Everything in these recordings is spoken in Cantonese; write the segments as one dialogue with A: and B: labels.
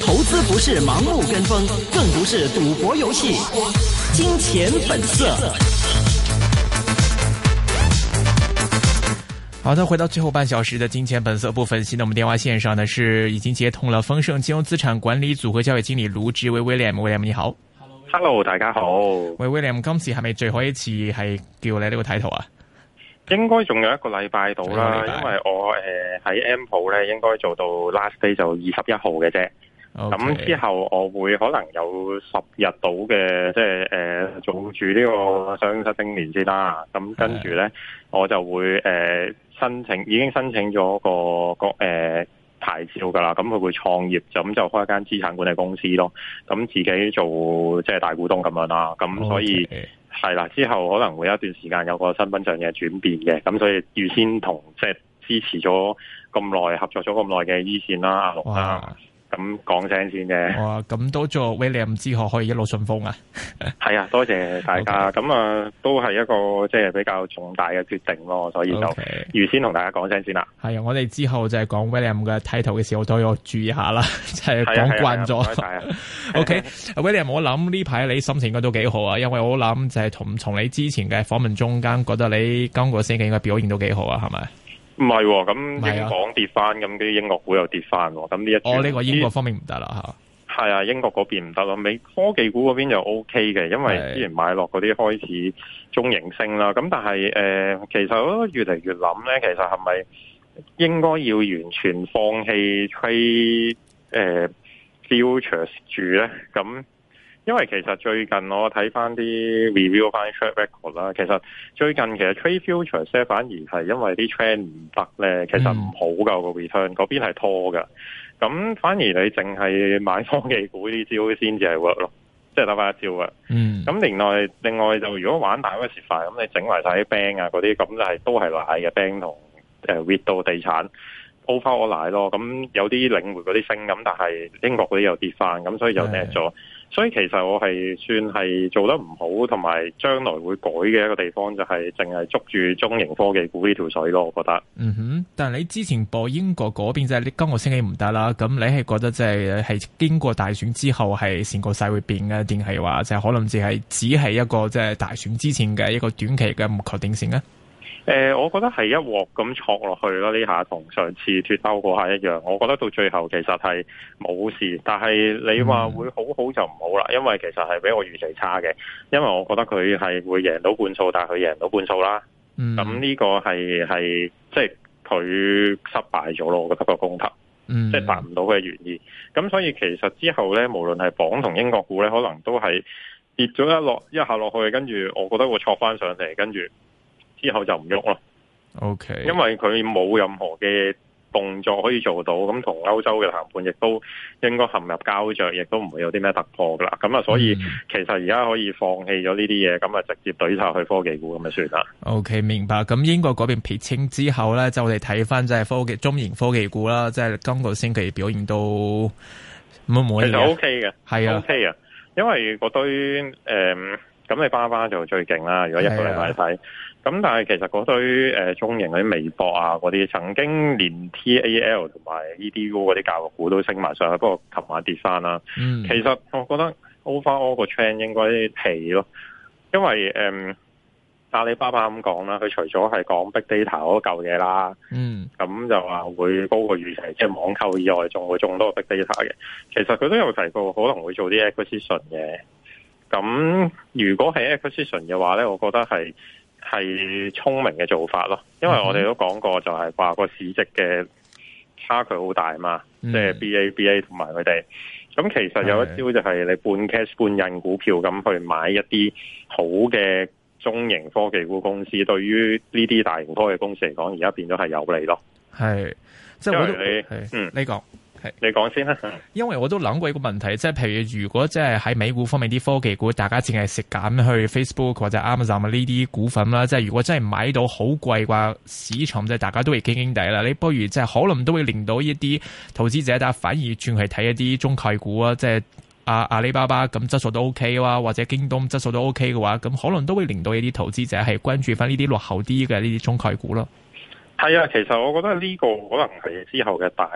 A: 投資不是盲目跟風，更不是賭博遊戲。金錢本色。好的，回到最後半小時的金錢本色部分。現在我們電話線上呢是已經接通了豐盛金融資產管理組合交易經理盧志威 William，William 你好。
B: Hello，大家好。
A: 喂，William，今次係咪最後一次係叫我來呢個睇圖啊？
B: 應該仲有一個禮拜到啦，因為我誒喺 Ample 咧，應該做到 last day 就二十一號嘅啫。咁、okay. 之後我會可能有十日到嘅，即係誒做住呢個聖誕新年先啦。咁跟住咧，我就會誒、呃、申請，已經申請咗個個誒牌照噶啦。咁佢會創業，就咁就開一間資產管理公司咯。咁自己做即係、就是、大股東咁樣啦。咁所以。Okay. 係啦，之後可能會有一段時間有個身份上嘅轉變嘅，咁所以預先同即係支持咗咁耐、合作咗咁耐嘅醫線啦，阿龍啦。咁講聲先嘅。哇、哦，
A: 咁都做 William 之後可以一路順風啊！
B: 係 啊，多謝大家。咁、okay. 啊、嗯，都係一個即係比較重大嘅決定咯，所以就預先同大家講聲先啦。係、
A: okay. 啊，我哋之後就係講 William 嘅睇頭嘅時候都要注意下啦，即係講慣咗。啊啊啊啊、 o Okay ? K，William， 我諗呢排你心情應該都幾好啊，因為我諗就係同從你之前嘅訪問中間，覺得你今個星期應該表現都幾好啊，係咪？
B: 唔係喎，咁英港跌翻，咁啲英國股又跌翻喎，咁呢一哦呢、呢個英國方面唔得啦吓，係啊，英國嗰邊唔得啦，美科技股嗰邊又 O K 嘅，因為之前買落嗰啲開始中型升啦，咁但係、呃、其實我越嚟越諗咧，其實係咪應該要完全放棄 trade、呃、futures 住咧？咁因為其實最近我睇翻啲 review 翻 track record 啦，其實最近其實 trade futures 反而係因為啲 trade 唔得咧，其實唔好噶個 return，嗰、嗯、邊係拖噶。咁反而你淨係買科技股啲招先至係 work 咯，即係得翻一招啊。嗯。咁另外另外就如果玩大嗰時份，咁你整埋晒啲 bank 啊嗰啲，咁就係都係奶嘅 bank 同誒 w d 地產鋪返我奶咯。咁有啲領匯嗰啲升，咁但係英國嗰啲又跌翻，咁所以又跌咗。所以其實我係算係做得唔好，同埋將來會改嘅一個地方就係淨係捉住中型科技股呢條水咯。我覺得，
A: 嗯哼。但係你之前播英國嗰邊即係、就係、今個星期唔得啦，咁你係覺得即係係經過大選之後係成個世會變嘅，定係話就係可能只係只係一個即係大選之前嘅一個短期嘅不確定性咧？
B: 誒、呃，我覺得係一鑊咁挫落去啦，呢下同上次脫兜嗰下一樣。我覺得到最後其實係冇事，但係你話會好好就唔好啦，因為其實係比我預期差嘅。因為我覺得佢係會贏到半數，但係佢贏到半數啦。咁、嗯、呢個係係即係佢失敗咗咯，我覺得個攻塔，即係達唔到嘅原因。咁所以其實之後呢，無論係綁同英國股呢，可能都係跌咗一落一下落去，跟住我覺得會挫翻上嚟，跟住。之後就唔喐咯。OK，因為佢冇任何嘅動作可以做到，咁同歐洲嘅談判亦都應該陷入膠着，亦都唔會有啲咩突破噶啦。咁啊，所以其實而家可以放棄咗呢啲嘢，咁、嗯、啊直接懟晒去科技股咁就算啦。
A: OK，明白。咁英國嗰邊撇清之後咧，就我哋睇翻即係科技中型科技股啦，即係今個星期表現都唔冇，其實 O K
B: 嘅係啊，O K 啊，因為嗰堆誒咁、嗯、你巴巴就最勁啦。如果一個禮拜睇。咁但係其實嗰堆誒中型嗰啲微博啊，我哋曾經連 TAL 同埋 EDU 嗰啲教育股都升埋上去，不過琴晚跌返啦。嗯、mm.，其實我覺得 Overall 個 train 應該皮咯，因為誒阿里巴巴咁講啦，佢除咗係講 big data 嗰嚿嘢啦，嗯，咁、mm. 就話會高過預期，即係網購以外，仲會中多個 big data 嘅。其實佢都有提過可能會做啲 acquisition 嘅。咁如果係 acquisition 嘅話咧，我覺得係。係聰明嘅做法咯，因為我哋都講過就係話個市值嘅差距好大嘛，即係 BABA 同埋佢哋。咁、就是、其實有一招就係你半 cash 半印股票咁去買一啲好嘅中型科技股公司，對於呢啲大型科技公司嚟講，而家變咗係有利咯。係，即係你，嗯，呢個你講先
A: 啦，因為我都諗過一個問題，即係譬如如果即係喺美股方面啲科技股，大家淨係食緊去 Facebook 或者 Amazon 呢啲股份啦，即係如果真係買到好貴嘅話，市場即係大家都會驚驚地啦。你不如即係可能都會令到一啲投資者啊，反而轉去睇一啲中概股啊，即係阿阿里巴巴咁質素都 OK 啊，或者京東質素都 OK 嘅話，咁可能都會令到一啲投資者係關注翻呢啲落後啲嘅呢啲中概股咯。
B: 係啊，其實我覺得呢個可能係之後嘅大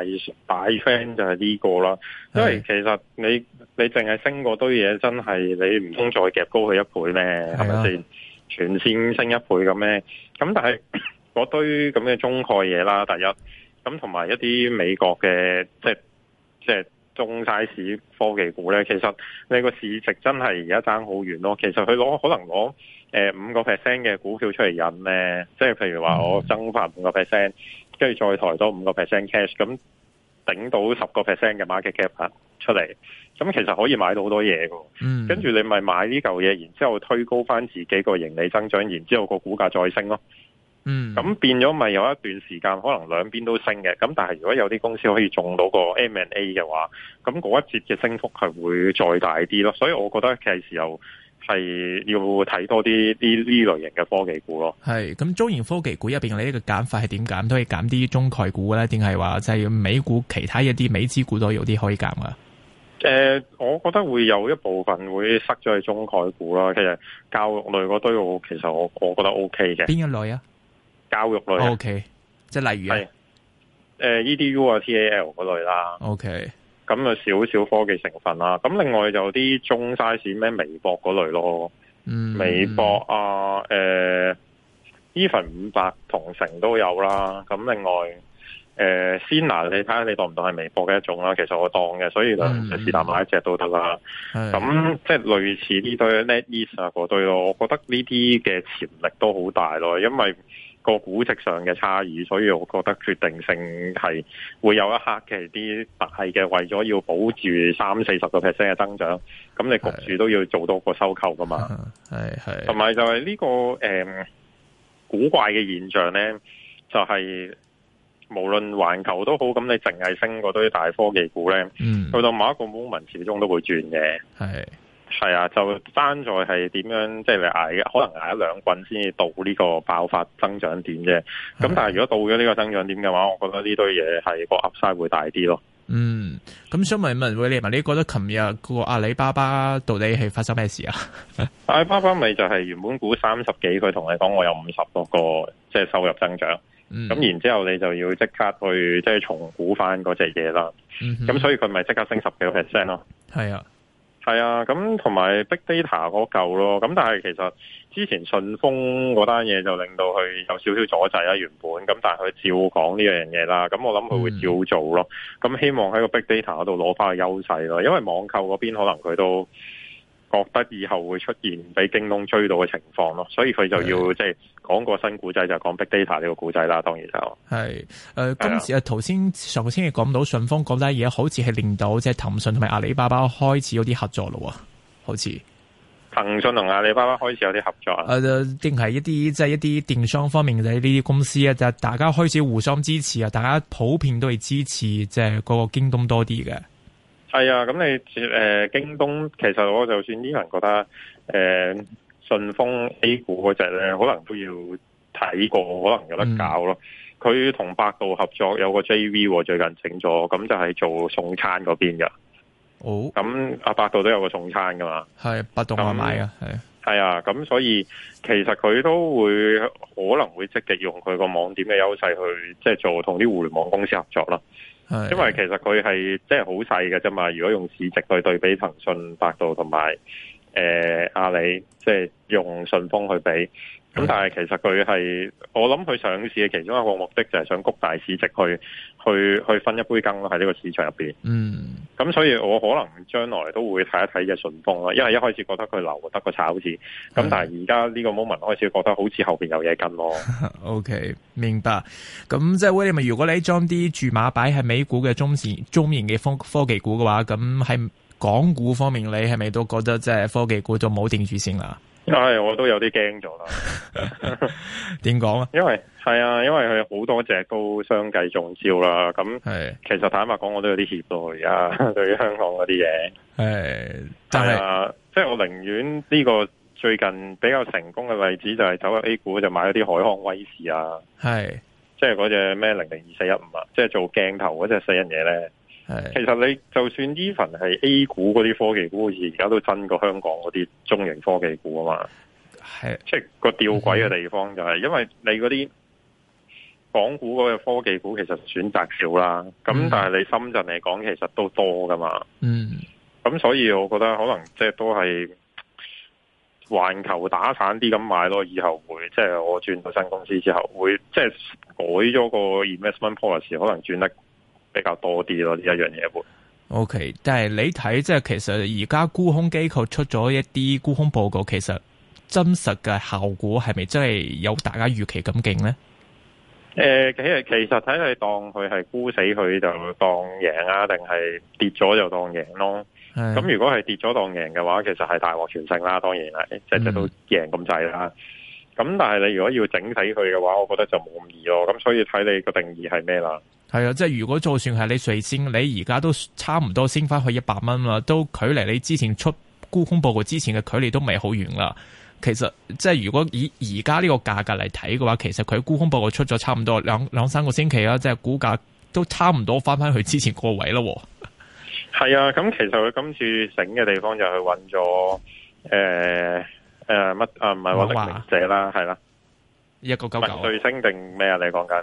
B: 大 friend 就係呢個啦，因為、嗯、其實你你淨係升嗰堆嘢，真係你唔通再夾高佢一倍咩？係咪先？全線升一倍咁咩？咁但係嗰堆咁嘅中概嘢啦，第一咁同埋一啲美國嘅即係即係中 size 科技股咧，其實你個市值真係而家爭好遠咯。其實佢攞可能攞。誒，五個 percent 嘅股票出嚟引咧，即係譬如話我增發五個 percent，跟住再抬多五個 percent cash，咁頂到十個 percent 嘅 market cap 出嚟，咁其實可以買到好多嘢噶。嗯，跟住你咪買呢嚿嘢，然之後推高翻自己個盈利增長，然之後個股價再升咯。嗯，
C: 咁
B: 變咗咪有一段時間可能兩邊都升嘅。咁但係如果有啲公司可以中到個 M and A 嘅話，咁嗰一節嘅升幅係會再大啲咯。所以我覺得其實時候係要睇多啲啲呢類型嘅科技股咯。
A: 係咁，中型科技股入邊你呢個減法係點減？都可以減啲中概股咧，定係話就係美股其他一啲美資股都有啲可以減呀？
B: 誒、呃，我覺得會有一部分會塞咗去中概股啦。其實教育類嗰堆其實我我覺得 O K 嘅。邊一類啊？教育類啊。O K，okay。即係例如誒 E D U 啊 T A L 嗰類啦。O K。咁啊少少科技成分啦，咁另外就啲中 size 咩微博嗰類咯，嗯，微博啊，誒 even 五百同城都有啦，咁另外誒新浪你睇下你當唔當係微博嘅一種啦，其實我當嘅，所以兩隻試下買一隻都得啦。咁即係類似呢堆 NetEase 啊嗰堆咯，我覺得呢啲嘅潛力都好大咯，因為。個估值上嘅差異，所以我覺得決定性係會有一刻嘅啲特係嘅，是為咗要保住三四十個 percent 嘅增長，咁你焗住都要做多個收購噶嘛。係
C: 係，同埋
B: 就係呢、這個誒、呃、古怪嘅現象咧，就係、是、無論環球都好，咁你淨係升嗰堆大科技股咧，去、嗯、到某一個 moment 始終都會轉嘅。係。係啊，就爭在係點樣，即係你挨嘅，可能挨一兩棍先至到呢個爆發增長點啫。咁、嗯、但係如果到咗呢個增長點嘅話，我覺得呢堆嘢係個 upside 會大啲咯。嗯，
A: 咁想問問威廉，你覺得琴日個阿里巴巴到底係發生咩事啊？
B: 阿里巴巴咪就係原本估三十幾，佢同你講我有五十多個即係、就是、收入增長，咁、嗯、然之後你就要即刻去即係、就是、重估翻嗰隻嘢啦。咁、嗯、所以佢咪即刻升十幾個 percent 咯。係啊。係啊，咁同埋 Big Data 嗰嚿咯，咁但係其實之前順豐嗰單嘢就令到佢有少少阻滯啦，原本咁但係佢照講呢樣嘢啦，咁我諗佢會照做咯，咁、嗯、希望喺個 Big Data 嗰度攞翻個優勢咯，因為網購嗰邊可能佢都，覺得以後會出現俾京東追到嘅情況咯，所以佢就要即係講個新股仔，就講 Big Data 呢個股仔啦。當然就
C: 係誒，今次
A: 啊，頭先上個星期講到順豐講而家好似係令到即係騰訊同埋阿里巴巴開始有啲合作咯，好似
B: 騰訊同阿里巴巴開始有啲合作啊？誒、呃，是些
A: 就是、些定係一啲即係一啲電商方面嘅呢啲公司啊？就是、大家開始互相支持啊！大家普遍都係支持即係嗰個京東多啲嘅。
B: 係啊，咁你誒、呃、京東其實我就算依然覺得誒順豐 A 股嗰隻咧，可能都要睇過，可能有得搞咯。佢、嗯、同百度合作有個 JV 最近整咗，咁就係做送餐嗰邊㗎。咁、哦、阿、啊、百度都有個送餐噶嘛？
A: 係百度外賣，係、嗯、
B: 係啊，咁所以其實佢都會可能會積極用佢個網點嘅優勢去即係做同啲互聯網公司合作咯。因為其實佢係即係好細嘅啫嘛，如果用市值去對比騰訊、百度同埋誒阿里，即係用順豐去比。咁、嗯、但係其實佢係我諗佢上市嘅其中一個目的就係想谷大市值去去去分一杯羹咯喺呢個市場入邊。嗯。咁所以我可能將來都會睇一睇嘅順豐啦，因為一開始覺得佢留得炒、嗯、個炒字，咁但係而家呢個 moment 開始覺得好似後邊有嘢跟咯。
A: O、okay, K，明白。咁即係 William，如果你將啲注碼擺喺美股嘅中線中型嘅科科技股嘅話，咁喺港股方面你係咪都覺得即係科技股就冇定住先啦？
B: 係、 啊，我都有啲驚咗啦。點 講啊？因為係啊，因為佢好多隻都相繼中招啦。咁係，其實坦白講，我都有啲怯，而家對香港嗰啲嘢。係、 啊，
C: 但
B: 係，即係我寧願呢個最近比較成功嘅例子就係走入 A 股，就買咗啲海康威視啊。
C: 係 ，
B: 即係嗰隻咩零零二四一五啊，即係做鏡頭嗰隻死人嘢咧。其實你就算 Even 係 A 股嗰啲科技股，好似而家都真過香港嗰啲中型科技股啊嘛，
C: 係即係
B: 個吊詭嘅地方就係、是嗯，因為你嗰啲港股嗰個科技股其實選擇少啦，咁、嗯、但係你深圳嚟講，其實都多噶嘛，嗯，咁所以我覺得可能即係都係環球打散啲咁買咯，以後會即係、就是、我轉到新公司之後會即係、就是、改咗個 investment policy，可能轉得。比較多啲咯呢一樣嘢會
A: ，OK，但係你睇即係其實而家沽空機構出咗一啲沽空報告，其實真實嘅效果係咪真係有大家預期咁勁呢？
B: 誒、呃，其實睇你當佢係沽死佢就當贏啦，定係跌咗就當贏咯。咁如果係跌咗當贏嘅話，其實係大獲全勝啦，當然啦即係得到贏咁滯啦。咁、嗯、但係你如果要整死佢嘅話，我覺得就冇咁易咯。咁所以睇你個定義係咩啦？
A: 係啊，即係如果就算係你瑞先，你而家都差唔多升翻去一百蚊啦，都距離你之前出沽空報告之前嘅距離都未好遠啦。其實即係如果以而家呢個價格嚟睇嘅話，其實佢沽空報告出咗差唔多兩兩三個星期啦，即係股價都差唔多翻翻去之前個位咯。
B: 係啊，咁其實佢今次醒嘅地方就去揾咗誒誒乜啊唔係揾匿名者啦，係啦，
A: 一九九九對
B: 升定咩啊？你講緊。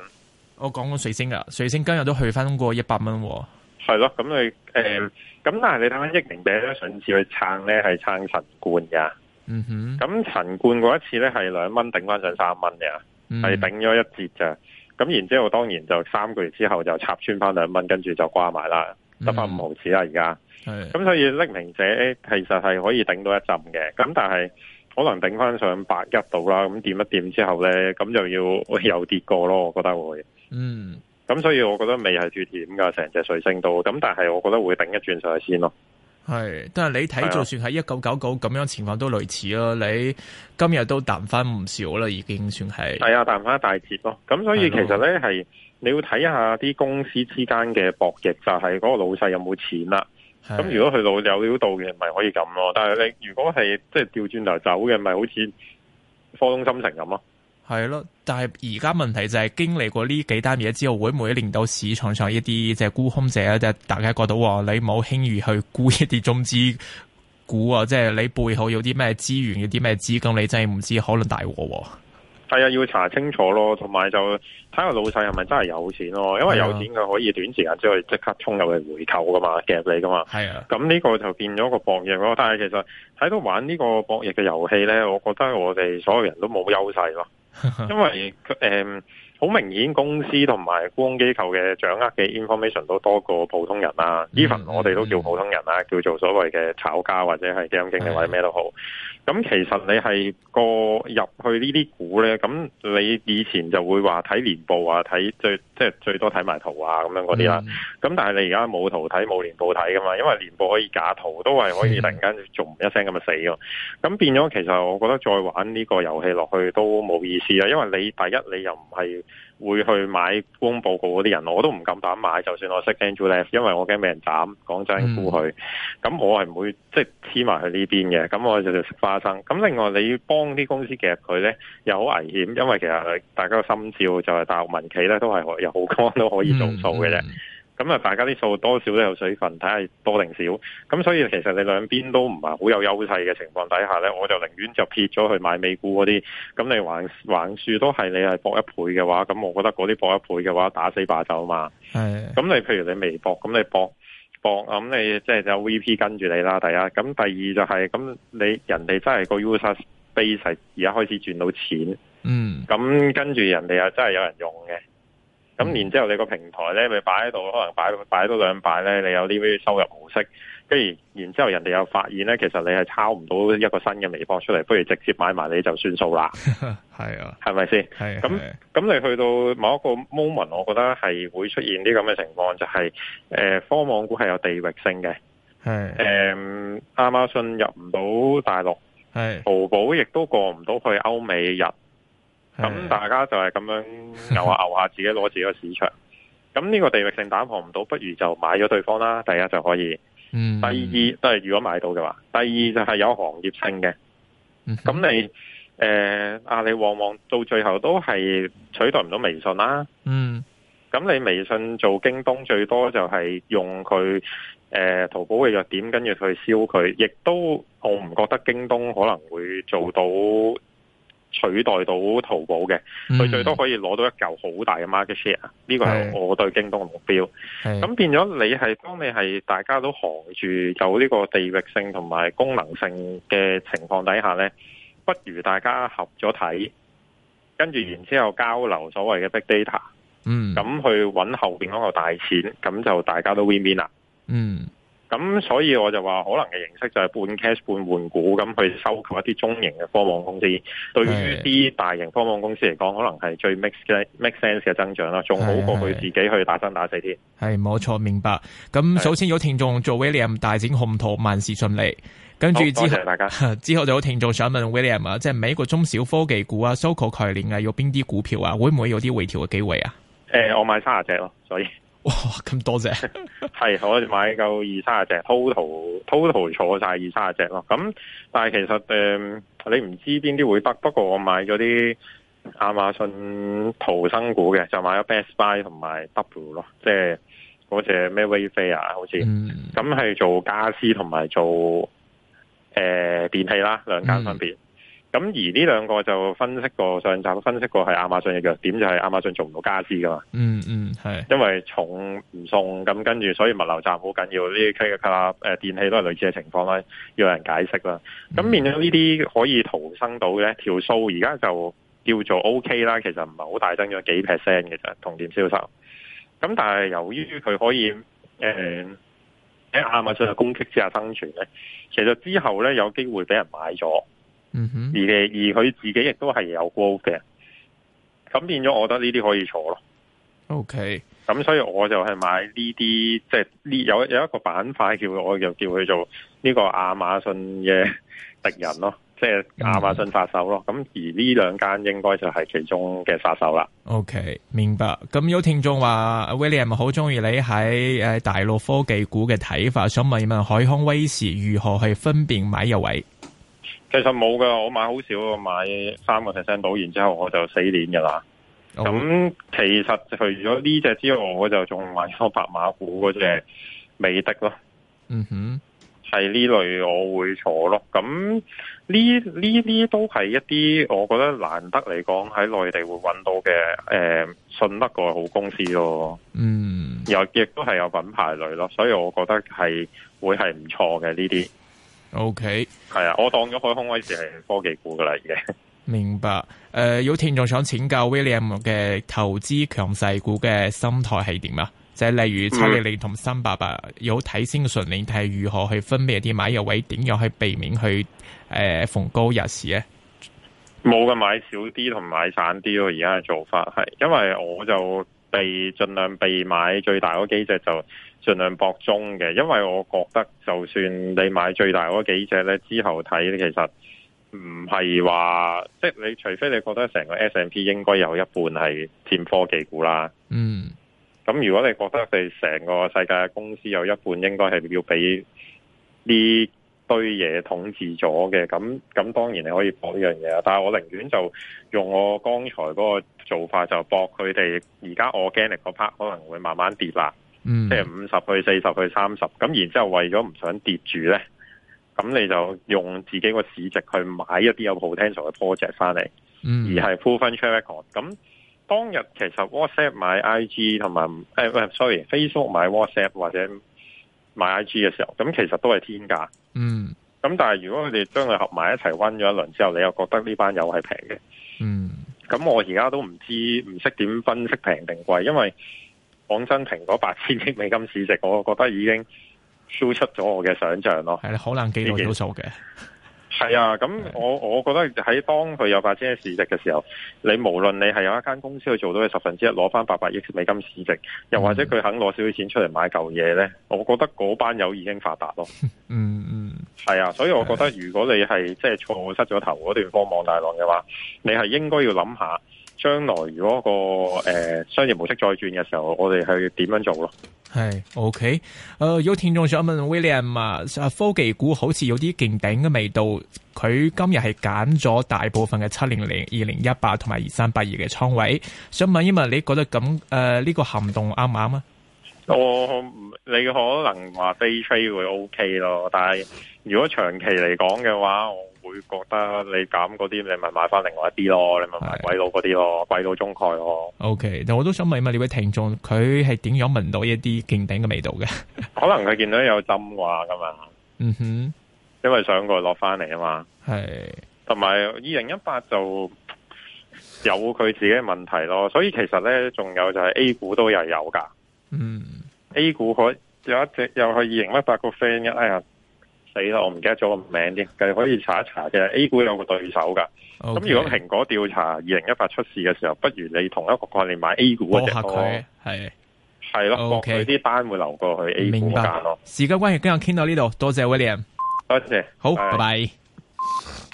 A: 我講過水星噶，水星今日都去翻過一百蚊喎。
B: 係咯，咁你咁，但係你睇翻匿名者咧，上次去撐咧係撐陳冠嘅。嗯哼，咁陳冠嗰一次咧係兩蚊頂翻上三蚊嘅，係、嗯、頂咗一折咋。咁然之後當然就三個月之後就插穿翻兩蚊，跟住就瓜埋啦，得翻五毫子啦而家。咁、嗯，所以匿名者其實係可以頂到一陣嘅。咁但係可能頂翻上百一度啦。咁掂一掂之後咧，咁就要有跌過咯。我覺得會。嗯，咁所以我覺得未係脫險，噶成隻瑞聲，都咁但係我覺得會頂一轉上去先咯。
C: 係，但係
A: 你睇就算喺一九九九咁樣情況都類似囉。你今日都彈翻唔少啦，已經算係。係啊，
B: 彈翻一大截咯。咁所以其實咧係你要睇下啲公司之間嘅博弈，就係、是、嗰個老細有冇錢啦。咁、啊、如果佢老有料到嘅，咪可以咁咯。但係你如果係即係調轉頭走嘅，咪好似科通芯城咁啊？
A: 係咯，但係而家問題就係經歷過呢幾單嘢之後，會唔會令到市場上一啲即係沽空者，即係大家覺得你冇輕易去沽一啲中資股啊，即係你背後有啲咩資源，有啲咩資金，你真係唔知，可能大鑊。
B: 係啊，要查清楚咯，同埋就睇下老細係咪真係有錢咯，因為有錢佢可以短時間之內即刻衝入去回購噶嘛，夾你噶嘛。係啊，咁呢個就變咗個博弈咯。但係其實喺度玩呢個博弈嘅遊戲咧，我覺得我哋所有人都冇優勢咯。 因為誒，好、嗯、明顯公司同埋金融機構嘅掌握嘅 information 都多過普通人啦、啊。even 我哋都叫普通人啦、啊，叫做所謂嘅炒家或者係基金經理或者咩都好。咁其實你係個入去呢啲股咧，咁你以前就會話睇年報啊，睇最即係最多睇埋圖啊，咁樣嗰啲啦。咁但係你而家冇圖睇，冇年報睇㗎嘛，因為年報可以假圖，都係可以突然間一聲咁啊死咯。咁、mm. 變咗其實我覺得再玩呢個遊戲落去都冇意思啊，因為你第一你又唔係。會去買公報告嗰啲人，我都唔敢膽買。就算我識 Angela，因為我驚俾人斬，講真沽佢。咁、嗯、我係唔會即係黐埋去呢邊嘅。咁我就食花生。咁另外你幫啲公司夾佢呢，又好危險，因為其實大家心照就係大陸民企呢都係有好多都可以做數嘅啫。嗯嗯。咁啊，大家啲數多少都有水分，睇下多定少。咁所以其實你兩邊都唔係好有優勢嘅情況底下呢，我就寧願就撇咗去買美股嗰啲。咁你橫橫樹都係你係博一倍嘅話，咁我覺得嗰啲博一倍嘅話打死霸走嘛。咁你譬如你微博，咁你博博咁你即係有 VP 跟住你啦，第一。咁第二就係、是、咁你人哋真係個 user space 而家開始轉到錢。嗯。咁跟住人哋又真係有人用嘅。咁然之後你個平台咧，咪擺喺度，可能擺擺多兩擺咧，你有呢啲收入模式。跟住，然之後人哋又發現咧，其實你係抄唔到一個新嘅微博出嚟，不如直接買埋你就算數啦。係 啊不是，係咪先？咁 咁你去到某一個 moment，我覺得係會出現啲咁嘅情況，就係、是、誒、呃、科網股係有地域性嘅。係、 嗯。誒，亞馬遜入唔到大陸。係。淘寶亦都過唔到去歐美入。咁、嗯、大家就係咁樣牛下牛下，自己攞自己個市場。咁 呢個地域性打破唔到，不如就買咗對方啦，第一就可以。第二都係、嗯嗯、如果買到嘅話，第二就係有行業性嘅。咁、嗯、你誒，阿里旺旺到最後都係取代唔到微信啦、啊。嗯，嗯。咁你微信做京東最多就係用佢誒、呃、淘寶嘅弱點跟燒，跟住去燒佢。亦都我唔覺得京東可能會做到。取代到淘寶嘅，佢最多可以攞到一嚿好大嘅 market share。呢個係我對京東嘅目標。咁變咗你係，當你係大家都行住有呢個地域性同埋功能性嘅情況底下咧，不如大家合咗睇，跟住然之後交流所謂嘅 big data，嗯，咁去揾後邊嗰個大錢，咁就大家都 win win 啦，嗯。咁所以我就話可能嘅形式就係半 cash 半換股，咁去收購一啲中型嘅科網公司。對於啲大型科網公司嚟講，可能係最 make sense 嘅增長啦，仲好過佢自己去打生打死添。
A: 係冇錯，明白。咁首先有聽眾做 William 大展鴻圖，萬事順利。跟住之後，謝謝大家之後就有聽眾想問 William 啊，即係美國中小科技股啊，收購概念啊，有邊啲股票啊？會唔會有啲回調嘅機會啊？
B: 誒、呃，我買卅隻咯，所以。咁多隻，係 我買夠二三十隻，total total 坐晒二三十隻咯。咁但係其實誒、呃，你唔知邊啲會得，不過我買咗啲亞馬遜逃生股嘅，就買咗 Best Buy 同埋 W 咯，即係嗰隻咩 Wayfair 啊，好似咁係做，做、呃、家私同埋做誒電器啦，兩間分別。咁而呢兩個就分析過，上集分析過係亞馬遜嘅弱點，就係亞馬遜做唔到家私噶嘛？嗯嗯，係因為重唔送咁跟住，所以物流站好緊要。呢區嘅家誒電器都係類似嘅情況啦，要有人解釋啦。咁、嗯、面對呢啲可以逃生到嘅條數，而家就叫做 O、OK、K 啦。其實唔係好大，增咗幾 percent 嘅同店銷售。咁但係由於佢可以誒喺、呃、亞馬遜嘅攻擊之下生存咧，其實之後咧有機會俾人買咗。嗯哼，而誒，而佢自己亦都係有 g 波嘅，咁變咗，我覺得呢啲可以坐咯。OK，咁所以我就係買呢啲，即係呢有有一個板塊，叫我就叫佢做呢個亞馬遜嘅敵人咯，即係亞馬遜殺手咯。咁、嗯、而呢兩間應該就係其中嘅殺手啦。
A: OK，明白。咁有聽眾話 William 好中意你喺誒大陸科技股嘅睇法，想問一問海康威視如何去分辨買入位？
B: 其實冇噶，我買好少，買三個 percent 到，然之後我就四年噶啦。咁、okay. 其實除咗呢隻之外，我就仲買咗白馬股嗰隻美的咯。嗯哼，係呢類我會坐咯。咁呢呢啲都係一啲我覺得難得嚟講喺內地會揾到嘅誒、欸，信得過嘅好公司咯。嗯、mm -hmm.，又亦都係有品牌類咯，所以我覺得係會係唔錯嘅呢啲。這些 O K，係啊，我當咗海康威視係科技股噶啦，已經
A: 明白。誒、呃，有聽眾想請教 William 嘅投資強勢股嘅心態係點啊？即、就、係、是、例如七零零同三八八有睇先嘅信念，睇如何去分辨啲買入位，點樣去避免去誒、呃、逢高入市咧？
B: 冇嘅，買少啲同買散啲咯。而家嘅做法係，因為我就。被盡量被買最大幾隻就盡量搏中嘅，因為我覺得就算你買最大幾隻隻咧，之後睇咧其實唔係話，即係你除非你覺得成個 S&P 應該有一半係佔科技股啦。嗯，咁如果你覺得你成個世界嘅公司有一半應該係要俾呢？堆嘢統治咗嘅，咁咁當然你可以搏呢樣嘢，但係我寧願就用我剛才嗰個做法，就搏佢哋而家 organic 個 part 可能會慢慢跌啦。嗯，即係五十去四十去三十，咁然之後為咗唔想跌住呢，咁你就用自己個市值去買一啲有 potential 嘅 project 翻嚟，而係 full financial 咁當日其實 WhatsApp 買 IG 同埋誒、哎、sorry，Facebook 買 WhatsApp 或者買 I G 嘅時候，咁其實都係天價。嗯，咁但係如果佢哋將佢合埋一齊温咗一輪之後，你又覺得呢班友係平嘅。嗯，咁我而家都唔知唔識點分析平定貴，因為講真，蘋果八千億美金市值，我覺得已經超出咗我嘅想象咯。
A: 係，可能幾耐都做嘅。
B: 係啊，咁我我覺得喺當佢有八千億市值嘅時候，你無論你係有一間公司去做到佢十分之一，攞翻八百億美金市值，又或者佢肯攞少少錢出嚟買嚿嘢呢，我覺得嗰班友已經發達咯。嗯嗯，係啊，所以我覺得如果你係即係錯失咗頭嗰段科網大浪嘅話，你係應該要諗下將來如果、嗰個誒、呃、商業模式再轉嘅時候，我哋係點樣做咯？
A: 係 ，OK，誒，有聽眾想問 William 啊，科技股好似有啲見頂嘅味道，佢今日係減咗大部分嘅七零零、二零一八同埋二三八二嘅倉位，想問一問你覺得咁誒呢個行動啱唔啱啊？
B: 我你可能話 day trade 會、so, um, uh, right? uh, OK 咯，但係如果長期嚟講嘅話，我。會覺得你減嗰啲，你咪買翻另外一啲咯，你咪買鬼佬嗰啲咯，鬼佬中概咯。
A: OK，但我都想問問，呢位聽眾，佢係點樣聞到一啲勁頂嘅味道嘅？
B: 可能佢見到有針話噶嘛，嗯哼，因為上過落翻嚟啊嘛，係。同埋二零一八就有佢自己嘅問題咯，所以其實呢，仲有就係 A 股都又有噶，嗯，A 股佢有一隻又係二零一八個 friend 哎呀。死啦，我唔記得咗個名添，佢可以查一查嘅。A 股有個對手噶，
C: 咁、okay. 如果蘋
B: 果調查二零一八出事嘅時候，不如你同一個概念買 A 股，摸下佢，係係咯。O K，啲單會流過去 A 股間咯。
A: 時間關係，今日傾到呢度，多謝 William，
B: 多謝，好，Bye -bye 拜拜。